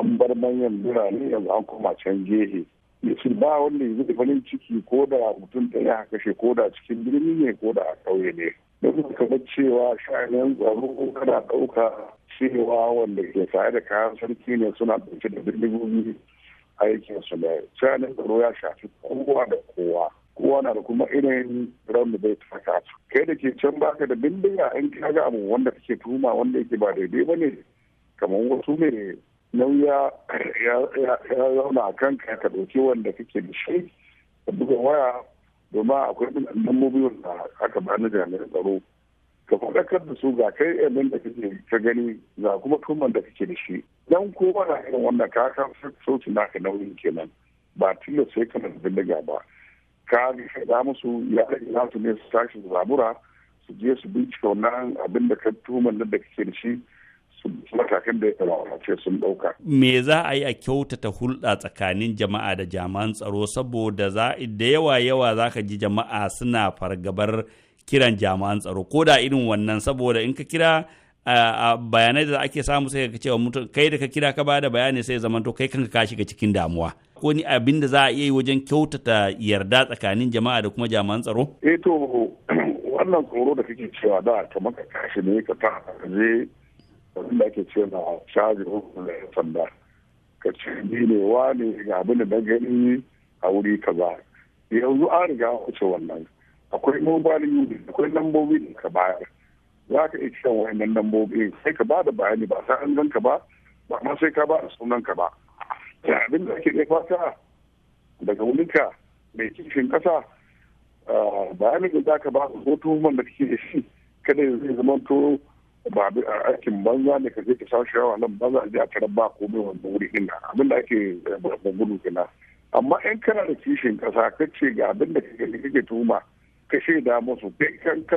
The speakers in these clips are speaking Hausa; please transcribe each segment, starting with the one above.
an bar manyan birane yanzu an koma can gehe yace ba wanda ya da farin ciki ko da mutum ɗaya ya kashe ko da cikin birni ne ko da a ƙauye ne don kama cewa sha'anin tsaro kana ɗauka cewa wanda ke tare da kayan sarki ne suna ɗauke da bindigogi aikin su ne sha'anin tsaro ya shafi kowa da kowa kowa na da kuma irin ran da bai taka kai da ke can baka da bindiga in kaga abu wanda kake tuhuma wanda yake ba daidai ba ne kamar wasu ne nauya ya zauna a kan ka ɗauki wanda kake da shi ka buga waya domin akwai lambobin da aka ba na jami'an tsaro ka faɗakar da su ga kai abin da kake ka gani ga kuma tuman da kake da shi dan ko na irin wannan ka ka sauci naka nauyin kenan ba tilo sai kana da bindiga ba ka ga musu ya rage su ne su tashi zabura su je su bincika wannan abin da ka tuman da kake da shi matakan da ya ce sun ɗauka. Me za a yi a kyautata hulɗa tsakanin jama'a da jami'an tsaro saboda za da yawa yawa za ka ji jama'a suna fargabar kiran jami'an tsaro ko da irin wannan saboda in ka kira a bayanai da ake samu sai ka cewa mutum kai da ka kira ka bada bayani sai zaman to kai kanka ka shiga cikin damuwa ko ni abin da za a iya yi wajen kyautata yarda tsakanin jama'a da kuma jami'an tsaro eh to wannan tsoro da kake cewa da kamar ka kashi ne ka ta je abin da ake ce ma caji hukun da sanda ka ce ni ne wa ne ga abin da na gani a wuri kaza yanzu an riga wuce wannan akwai mobile unit akwai lambobi da ka bayar za ka iya kiran wayannan lambobi sai ka ba da bayani ba sai an ganka ba ba ma sai ka ba a sunan ka ba abin da ake fata daga wurinka mai kishin ƙasa ah, bayanin da za ka ba hoto man da kake shi kada zai zama to ba aikin banza ne ka je ka sha shawa nan banza a je a tarar ba komai wannan wuri din abin da ake gudu kina amma in kana da kishin kasa ka ce ga abin da kake kake tuma ka shaida musu kai kan ka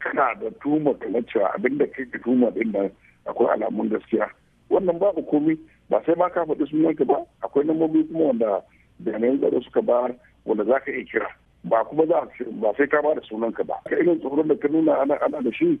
kana da tuma na cewa abin da kake tuma din nan akwai alamun gaskiya wannan babu komi ba sai ma ka faɗi sunanka ba akwai lambobi kuma wanda jami'an tsaro suka ba wanda za ka iya kira ba kuma za ba sai ka ba da sunanka ba ka irin tsoron da ka nuna ana da shi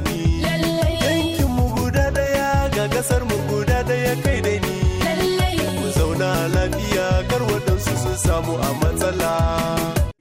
a matsala